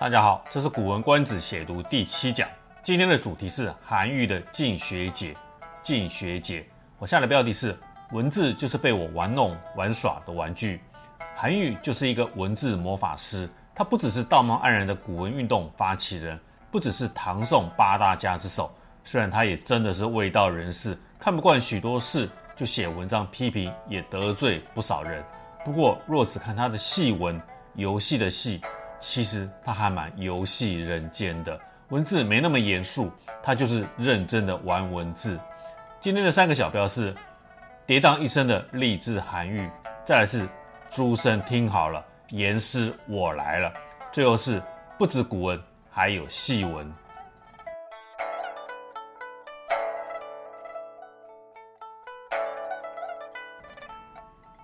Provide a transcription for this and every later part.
大家好，這是《古文觀止》寫讀第七講，今天的主題是韓愈的《進學解》。《進學解》，我下的標題是“文字就是被我玩弄、玩耍的玩具”。韓愈就是一個文字魔法師，他不只是道貌岸然的古文運動發起人，不只是唐宋八大家之首。雖然他也真的是衛道人士，看不慣許多事就寫文章批評，也得罪不少人。不過若只看他的戲文，遊戲的戲。其實他還蠻遊戲人間的，文字沒那麼嚴肅，他就是認真的玩文字。今天的三個小標是：跌宕一生的勵志韓愈，再來是諸生聽好了，嚴師我來了，最後是不止古文，還有戲文。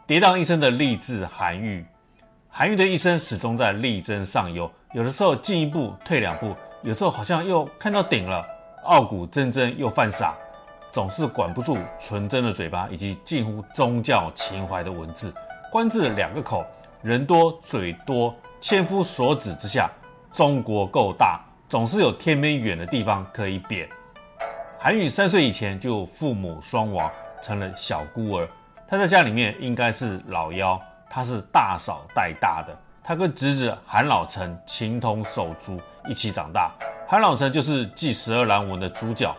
跌宕一生的勵志韓愈。韓愈的一生始終在力爭上游，有的時候進一步退兩步，有的時候好像又看到頂了，傲骨錚錚又犯傻，總是管不住純真的嘴巴以及近乎宗教情懷的文字。官字兩個口，人多嘴多，千夫所指之下，中國夠大，總是有天邊遠的地方可以貶。韓愈三歲以前就父母雙亡，成了小孤兒，他在家裡面應該是老幺。他是大嫂帶大的，他跟侄子韓老成情同手足，一起長大。韓老成就是祭十二郎文的主角。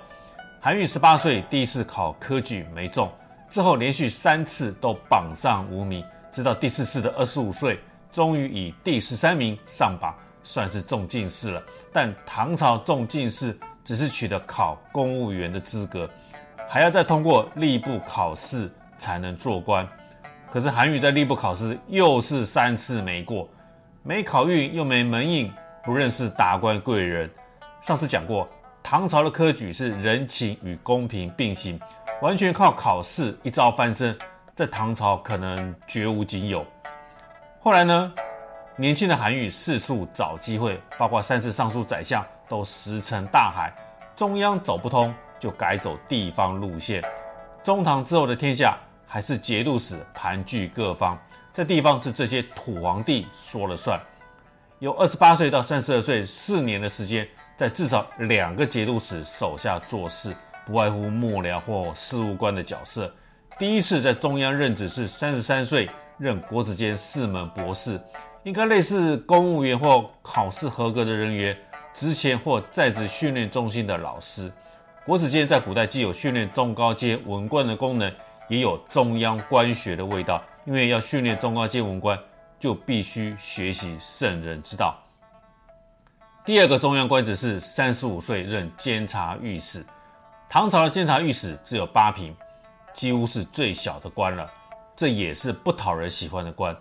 韓愈十八歲第一次考科舉沒中，之後連續三次都榜上無名，直到第四次的二十五歲，終於以第十三名上榜，算是中進士了。但唐朝中進士只是取得考公務員的資格，還要再通過吏部考試才能做官。可是韓愈在吏部考試又是三次沒過，沒考運又沒門蔭，不認識達官貴人。上次講過，唐朝的科舉是人情與公平並行，完全靠考試一朝翻身，在唐朝可能絕無僅有。後來呢，年輕的韓愈四處找機會，包括三次上書宰相，都石沉大海。中央走不通，就改走地方路線。中唐之後的天下。還是節度使盤踞各方，這地方是這些土皇帝說了算。有二十八歲到三十二歲四年的時間，在至少兩個節度使手下做事，不外乎幕僚或事務官的角色。第一次在中央任職是三十三歲，任國子監四門博士，應該類似公務員或考試合格的人員，職前或在職訓練中心的老師。國子監在古代既有訓練中高階文官的功能。也有中央官學的味道，因為要訓練中央階文官，就必須學習聖人之道。第二個中央官職是三十五歲任監察御史，唐朝的監察御史只有八品，幾乎是最小的官了。這也是不討人喜歡的官，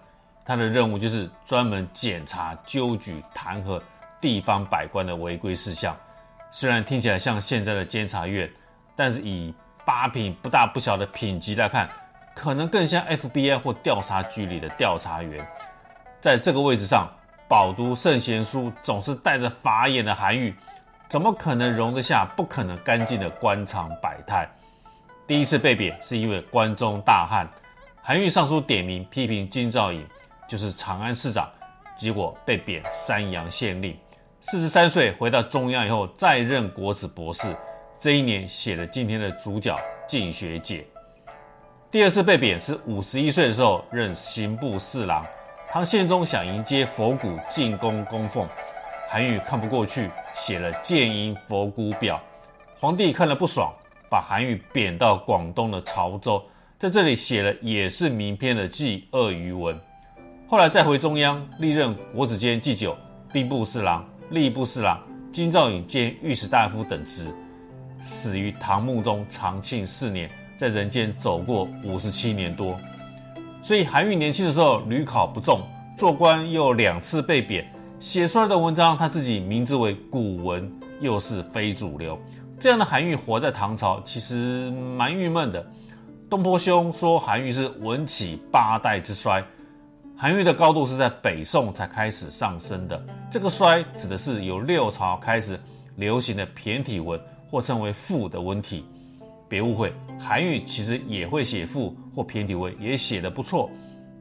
他的任務就是專門檢查、糾舉、彈劾地方百官的違規事項。雖然聽起來像現在的監察院，但是以八品不大不小的品級來看，可能更像 FBI 或調查局裡的調查員。在這個位置上，飽讀聖賢書、總是帶着法眼的韓愈，怎麼可能容得下不可能乾淨的官場百態？第一次被貶是因為關中大旱，韓愈上書點名批評京兆尹，就是長安市長，結果被貶山陽縣令。四十三歲回到中央以後，再任國子博士。這一年寫了今天的主角，進學解。第二次被貶是五十一歲的時候，任刑部侍郎。唐憲宗想迎接佛骨進宮供奉，韓愈看不過去，寫了《諫迎佛骨表》。皇帝看了不爽，把韓愈貶到廣東的潮州，在這裡寫了也是名篇的《祭鱷魚文》。後來再回中央，歷任國子監祭酒、兵部侍郎、吏部侍郎、京兆尹兼御史大夫等職。死於唐穆宗長慶四年，在人間走過五十七年多。所以韓愈年輕的時候屢考不中，做官又兩次被貶，寫出來的文章他自己名字為古文，又是非主流。這樣的韓愈活在唐朝，其實蠻鬱悶的。東坡兄說韓愈是文起八代之衰，韓愈的高度是在北宋才開始上升的。這個衰指的是由六朝開始流行的駢體文。或稱為賦的文體，別誤會，韓愈其實也會寫賦，或駢體文也寫得不錯。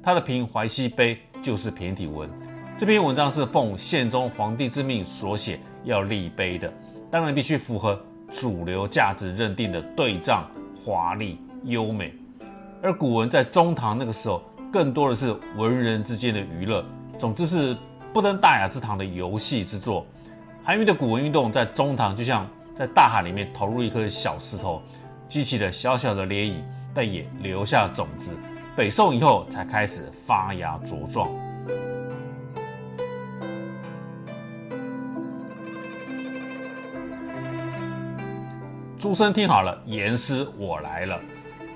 他的《平淮西碑》就是駢體文。這篇文章是奉憲宗皇帝之命所寫，要立碑的，當然必須符合主流價值認定的對仗、華麗、優美。而古文在中唐那個時候，更多的是文人之間的娛樂，總之是不登大雅之堂的遊戲之作。韓愈的古文運動在中唐就像。在大海裡面投入一顆小石頭，激起了小小的漣漪，但也留下種子。北宋以後才開始發芽茁壯。諸生聽好了，嚴師我來了。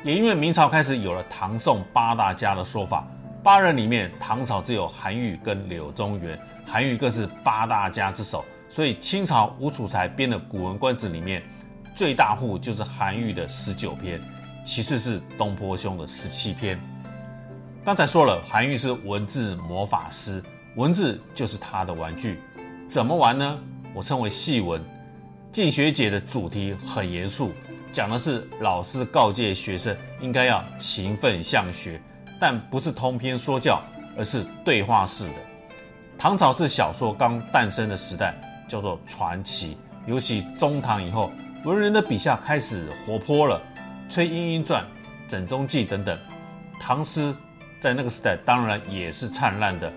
也因為明朝開始有了唐宋八大家的說法，八人裡面唐朝只有韓愈跟柳宗元，韓愈更是八大家之首。所以清朝吳楚材編的《古文觀止》裡面，最大戶就是韓愈的十九篇，其次是東坡兄的十七篇。剛才說了，韓愈是文字魔法師，文字就是他的玩具，怎麼玩呢？我稱為戲文。進學解的主題很嚴肅，講的是老師告誡學生應該要勤奮向學，但不是通篇說教，而是對話式的。唐朝是小說剛誕生的時代。叫做傳奇，尤其中唐以後，文人的筆下開始活潑了，音音《崔鶯鶯傳》《枕中記》等等。唐詩在那個時代當然也是燦爛的，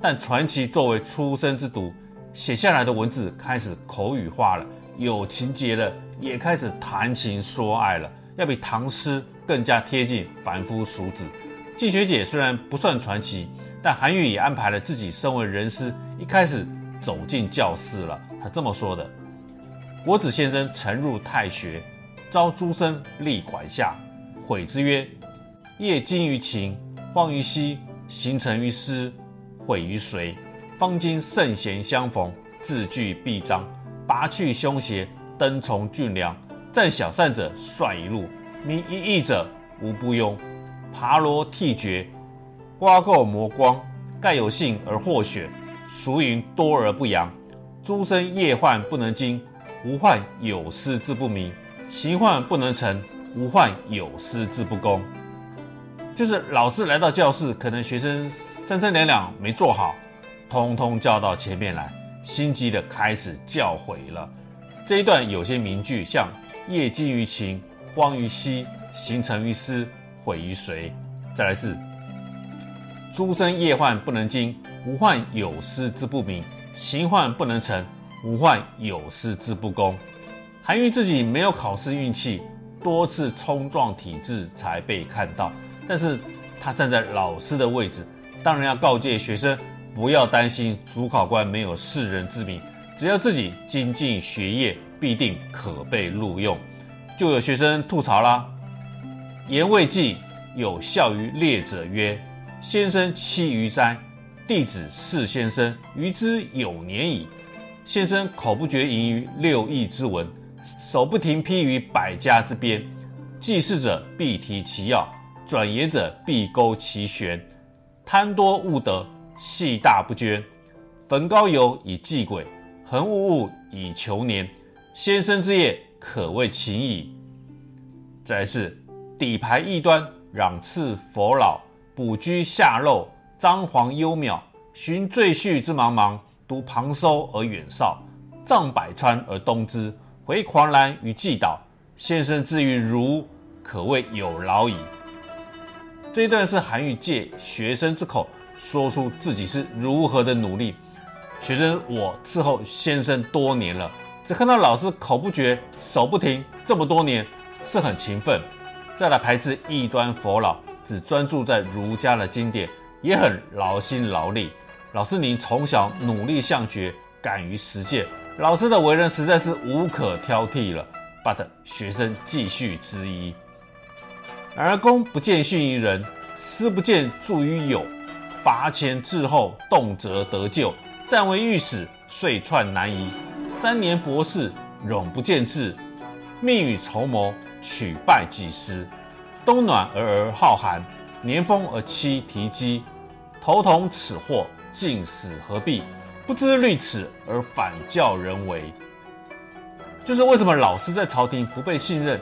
但傳奇作為出身之讀，寫下來的文字開始口語化了，有情節了，也開始談情說愛了，要比唐詩更加貼近凡夫俗子。進學解雖然不算傳奇，但韓愈也安排了自己身為人師，一開始。走進教室了，他這麼說的：“國子先生晨入太學，招諸生立館下，誨之曰：‘業精於勤，荒於嬉；行成於思，毀於隨。’方今聖賢相逢，治具畢張，拔去凶邪，登崇俊良。占小善者率以錄，名一藝者無不庸。爬羅剔抉，刮垢磨光，蓋有幸而獲選。”俗雲多而不揚，諸生業患不能精，無患有司之不明，行患不能成，無患有司之不公。就是老師來到教室，可能學生三三兩兩沒坐好，通通叫到前面來，心急的開始教誨了。這一段有些名句像，像業精於勤，荒於嬉，行成於思毀，於隨。再來是諸生業患不能精。無患有司之不明，行患不能成；無患有司之不公。韓愈自己沒有考試運氣，多次衝撞體制才被看到。但是，他站在老師的位置，當然要告誡學生不要擔心主考官沒有識人之明，只要自己精進學業，必定可被錄用。就有學生吐槽啦：“言未既，有笑於列者曰：‘先生欺余哉？’”弟子事先生於之有年矣，先生口不絕吟於六藝之文，手不停披於百家之編，記事者必提其要，轉言者必鈎其玄。貪多務得，細大不捐。焚膏油以繼晷，恆兀兀以窮年。先生之業可謂勤矣。再是，抵排異端，攘斥佛老，補苴罅漏。張皇幽渺，尋墜緒之茫茫；獨旁搜而遠紹，障百川而東之。回狂瀾於既倒，先生之於儒，可謂有勞矣。這一段是韓愈借學生之口說出自己是如何的努力。學生我伺候先生多年了，只看到老師口不絕，手不停，這麼多年是很勤奮。再來排斥異端佛老，只專注在儒家的經典。也很勞心勞力，老師您從小努力向學，敢於實踐，老師的為人實在是無可挑剔了。But 學生繼續質疑，然而公不見訓於人，私不見助於友，拔前滯後動，動輒得咎。暫為御史，遂竄南夷；三年博士，永不見志。命與仇謀，取敗幾時？冬暖而兒號寒，年豐而妻啼饑。頭童齒豁，竟死何裨？不知慮此而反教人為，就是為什麼老師在朝廷不被信任，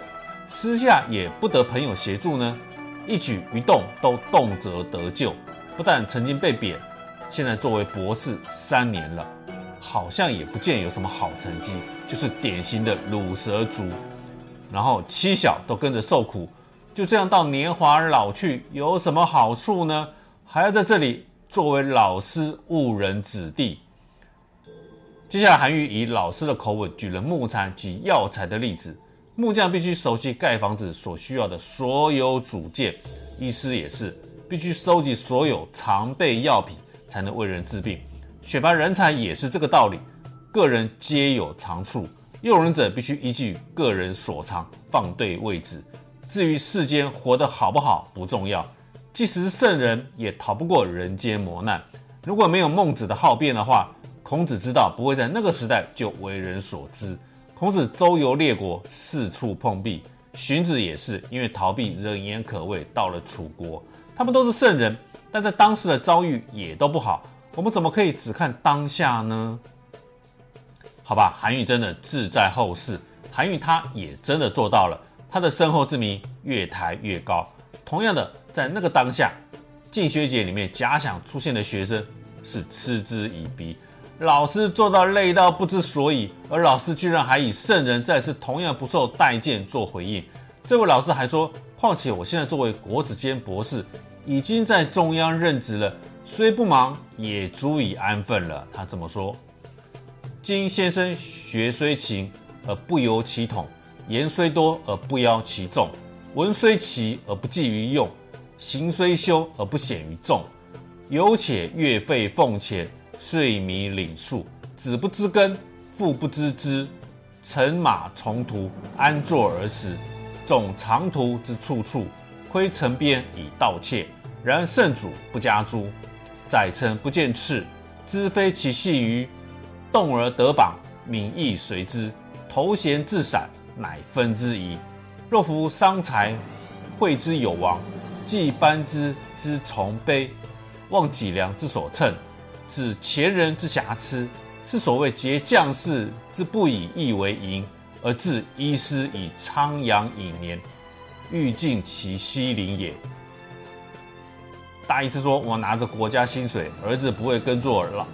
私下也不得朋友協助呢？一舉一動都動輒得咎，不但曾經被貶，現在作為博士三年了，好像也不見有什麼好成績，就是典型的魯蛇族。然後妻小都跟着受苦，就這樣到年華而老去，有什麼好處呢？還要在這裡作為老師誤人子弟。接下來，韓愈以老師的口吻舉了木材及藥材的例子：木匠必須熟悉蓋房子所需要的所有組件，醫師也是必須收集所有常備藥品才能為人治病。選拔人才也是這個道理，個人皆有長處，用人者必須依據個人所長放對位置。至於世間活得好不好，不重要。即使是聖人，也逃不過人間磨難。如果沒有孟子的好辯的話，孔子之道不會在那個時代就為人所知。孔子周遊列國，四處碰壁；荀子也是，因為逃避人言可畏，到了楚國。他們都是聖人，但在當時的遭遇也都不好。我們怎麼可以只看當下呢？好吧，韓愈真的志在後世，韓愈他也真的做到了，他的身後之名越抬越高。同樣的，在那個當下，進學解裡面假想出現的學生是嗤之以鼻，老師做到累到不知所以，而老師居然還以聖人再次同樣不受待見做回應。這位老師還說：“況且我現在作為國子監博士，已經在中央任職了，雖不忙，也足以安分了。”他這麼說：“今先生學雖勤而不由其統，言雖多而不要其中。”文雖奇而不濟於用，行雖修而不顯於眾。猶且月費俸錢，歲靡廩粟。子不知耕，婦不知織，乘馬從徒，安坐而食。踵常途之促促，窺陳編以盜竊。然聖主不加誅，宰臣不見斥。茲非其幸歟，動而得謗，名亦隨之。投閒置散，乃分之宜。若夫商財，賄之有亡；計班資之崇庳，忘己量之所稱，指前人之瑕疵，是所謂詰匠氏之不以杙為楹，而訾醫師以昌陽引年，欲進其豨苓也。大意是說，我拿着國家薪水，兒子不會耕作兒了，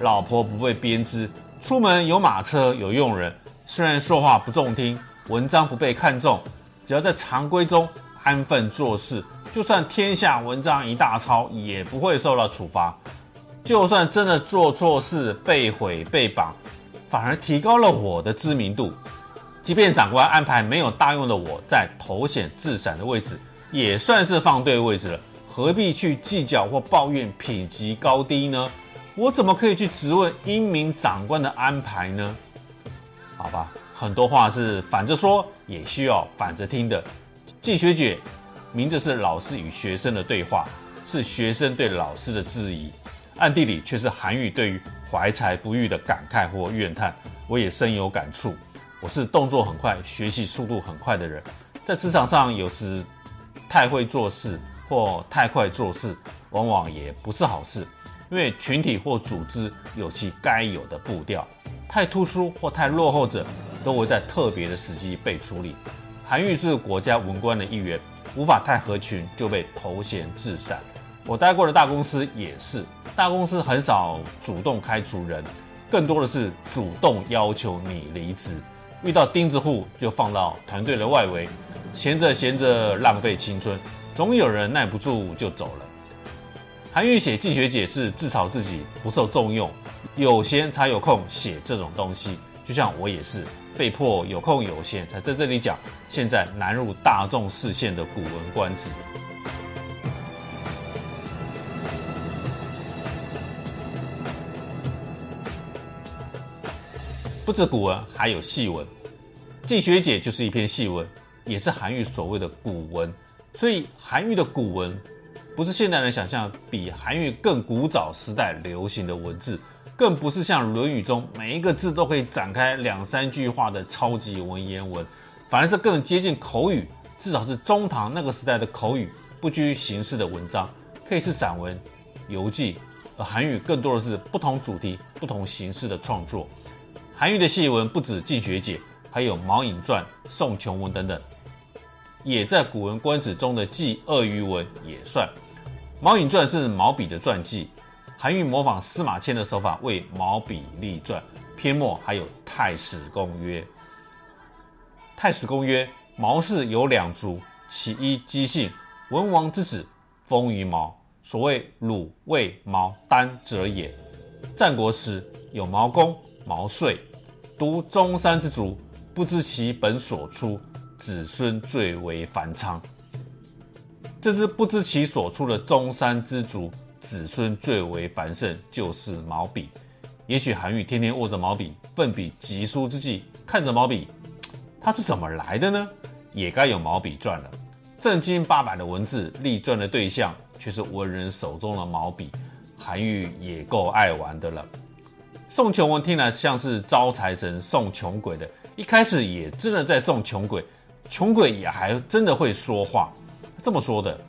兒老老婆不會編織，出門有馬車有傭人，雖然說話不中聽，文章不被看重。只要在常規中安分做事，就算天下文章一大抄，也不會受到處罰。就算真的做錯事被毀被綁，反而提高了我的知名度。即便長官安排沒有大用的我在投閒置散的位置，也算是放對位置了。何必去計較或抱怨品級高低呢？我怎麼可以去質問英明長官的安排呢？好吧。很多話是反着說，也需要反着聽的。進學解，明著是老師與學生的對話，是學生對老師的質疑，暗地裡卻是韓愈對於懷才不遇的感慨或怨嘆。我也深有感觸。我是動作很快、學習速度很快的人，在職場上有時太會做事或太快做事，往往也不是好事，因為群體或組織有其該有的步調，太突出或太落後者，都會在特別的時機被處理。韓愈是國家文官的一員，無法太合群，就被投閒置散。我待過的大公司也是，大公司很少主動開除人，更多的是主動要求你離職。遇到釘子戶就放到團隊的外圍，閒着閒着浪費青春，總有人耐不住就走了。韓愈寫《進學解》是自嘲自己不受重用，有閒才有空寫這種東西。就像我也是。被迫有空有限，才在這裡講，現在難入大眾視線的古文觀止。不止古文還有戲文，《進學解》就是一篇戲文，也是韓愈所謂的古文。所以韓愈的古文，不是現代人想象比韓愈更古早時代流行的文字。更不是像《論語》中每一個字都可以展開兩三句話的超級文言文，反而是更接近口語，至少是中唐那個時代的口語，不拘形式的文章，可以是散文、遊記。而韓愈更多的是不同主題、不同形式的創作。韓愈的戲文不止《進學解》，還有《毛穎傳》、《送窮文》等等，也在《古文觀止》中的《祭鱷魚文》也算。《毛穎傳》是毛筆的傳記。韓愈模仿司馬遷的手法，為毛筆立傳。篇末還有太史公曰：“太史公曰，毛氏有兩族，其一姬姓，文王之子，封於毛，所謂魯衛毛丹者也。戰國時有毛公、毛遂，獨中山之族，不知其本所出，子孫最為繁昌。這支不知其所出的中山之族。”子孫最為繁盛，就是毛筆。也許韓愈天天握着毛筆，奮筆疾書之際，看着毛筆，他是怎麼來的呢？也該有毛筆賺了。正經八百的文字立賺的對象，卻是文人手中的毛筆。韓愈也夠愛玩的了。送窮文聽了像是招財神送窮鬼的，一開始也真的在送窮鬼，窮鬼也還真的會說話，這麼說的。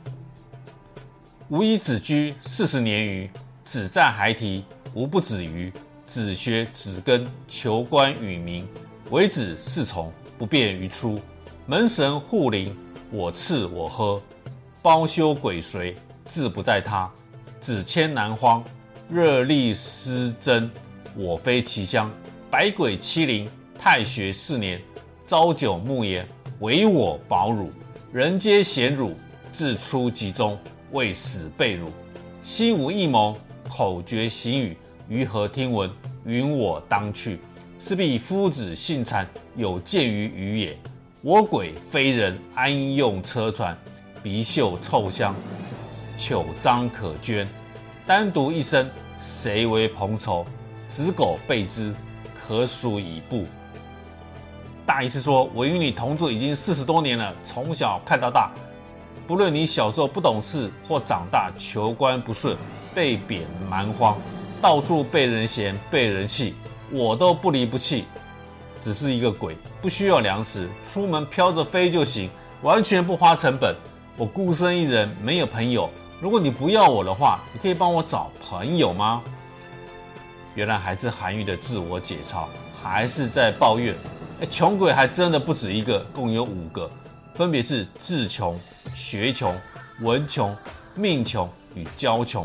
吾以子居四十年餘，子在孩提，吾不止於子學子耕，求官與民，為子侍從，不便於出門神護靈，我賜我喝，包修鬼隨，志不在他。子遷南荒，熱力失真，我非其鄉，百鬼欺凌。太學四年，朝九暮年，唯我保汝，人皆賢辱，自出集中。未始背汝，心無異謀；口絕行語，於何聽聞？云我當去，是必夫子信讒，有間於余也。我鬼非人，安用車船？鼻嗅臭香，糗粻可捐？單獨一身，誰為朋儔？子苟備知，可數已不？大意是說，我與你同住已經四十多年了，從小看到大。不論你小時候不懂事，或長大求官不順，被貶蠻荒，到處被人嫌、被人棄，我都不離不棄。只是一個鬼，不需要糧食，出門飄着飛就行，完全不花成本。我孤身一人，沒有朋友。如果你不要我的話，你可以幫我找朋友嗎？原來還是韓愈的自我解嘲，還是在抱怨。哎，窮鬼還真的不止一個，共有五個，分別是智窮。學窮、文窮、命窮與交窮，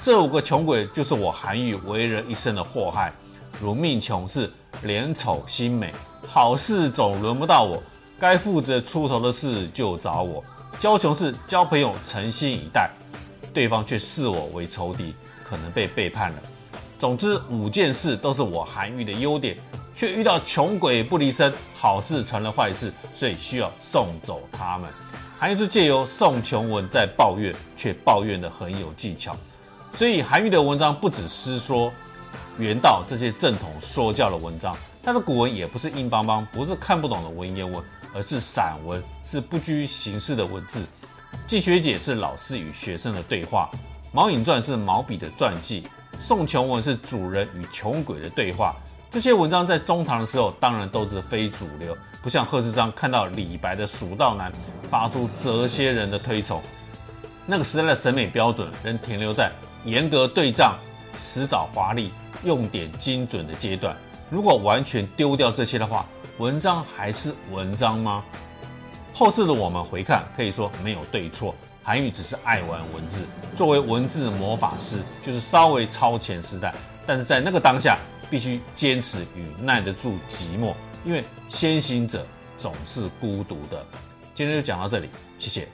這五個窮鬼就是我韓愈為人一生的禍害。如命窮是臉醜心美，好事總輪不到我；該負責出頭的事就找我。交窮是交朋友誠心以待，對方卻視我為仇敵，可能被背叛了。總之，五件事都是我韓愈的優點，卻遇到窮鬼不離身，好事成了壞事，所以需要送走他們。韓愈是借由送窮文在抱怨，卻抱怨得很有技巧，所以韓愈的文章不止師說、原道這些正統說教的文章，他的古文也不是硬邦邦，不是看不懂的文言文，而是散文，是不拘形式的文字。進學解是老師與學生的對話，毛穎傳是毛筆的傳記，送窮文是主人與窮鬼的對話。這些文章在中唐的時候，當然都是非主流，不像賀知章看到李白的《蜀道難》，發出謫仙人的推崇。那個時代的審美標準仍停留在嚴格對仗、辭藻華麗、用典精準的階段。如果完全丟掉這些的話，文章還是文章嗎？後世的我們回看，可以說沒有對錯。韓愈只是愛玩文字，作為文字魔法師，就是稍微超前時代，但是在那個當下。必須堅持與耐得住寂寞，因為先行者總是孤獨的。今天就講到這裡，謝謝。